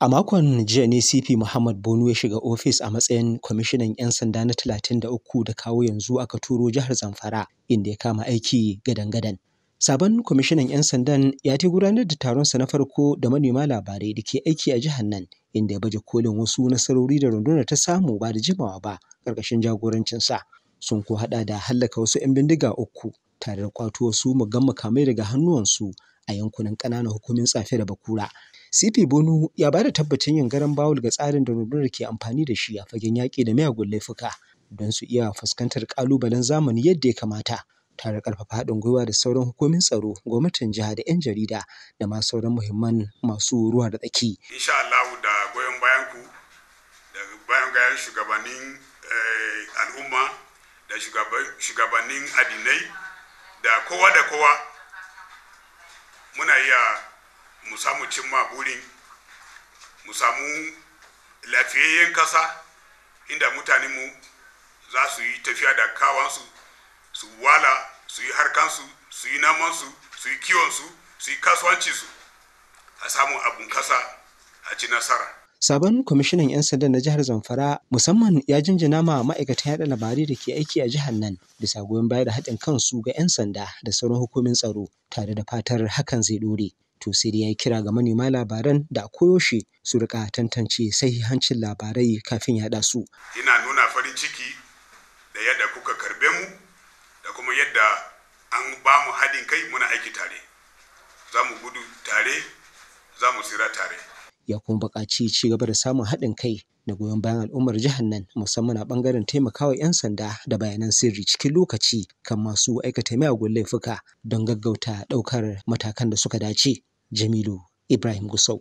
A makon jiya ne CP Muhammad Bono ya shiga ofis a matsayin kwamishinan 'yan sanda na 33 da kawo yanzu aka turo jihar Zamfara inda ya kama aiki gadan-gadan. Sabon kwamishinan 'yan sandan ya ta gudanar da taronsa na farko da manema labarai da ke aiki a jihar nan inda ya baje kolin wasu nasarori da rundunar ta samu ba da jimawa ba ƙarƙashin jagorancinsa. Sun ko haɗa da hallaka wasu 'yan bindiga uku tare da kwato wasu mugan makamai daga hannuwansu a yankunan ƙananan hukumomin Tsafe da Bakura. Sifibonu ya ba da tabbacin yin garan bawul ga tsarin da rundunar ke amfani da shi a fagen yaƙi da miyagun laifuka don su iya fuskantar ƙalubalen zamani yadda ya kamata. tare ƙarfafa haɗin gwiwa da sauran hukumin tsaro, gwamnatin jiha da 'yan jarida da ma sauran muhimman masu ruwa da tsaki. Insha Allah da goyon bayan ku da bayan gayan shugabannin eh, al'umma da shugabannin addinai da kowa da kowa muna iya mu samu cimma burin mu samu lafiyayyen kasa inda mutanenmu za su yi tafiya da kawansu su wala su yi harkansu su yi namansu su yi kiwonsu su yi kasuwancinsu a samu abun kasa a ci nasara Sabon kwamishinan 'yan sanda na jihar Zamfara musamman ya jinjina ma ma'aikatan yaɗa labarai da ke aiki a jihar nan bisa goyon baya da haɗin kansu ga 'yan sanda da sauran hukumin tsaro tare da fatar hakan zai ɗore. wato sai dai ya yi kira ga manema labaran da a koyo shi su rika tantance sahihancin labarai kafin yaɗa su. Ina nuna farin ciki da yadda kuka karbe mu da kuma yadda an ba mu haɗin kai muna aiki tare. Za mu gudu tare, za mu tsira tare. Ya kuma buƙaci ci gaba da samun haɗin kai na goyon bayan al'ummar jihar nan musamman a ɓangaren taimakawa 'yan sanda da bayanan sirri cikin lokaci kan masu aikata miyagun laifuka don gaggauta ɗaukar matakan da suka dace. Jamilu Ibrahim Gusau.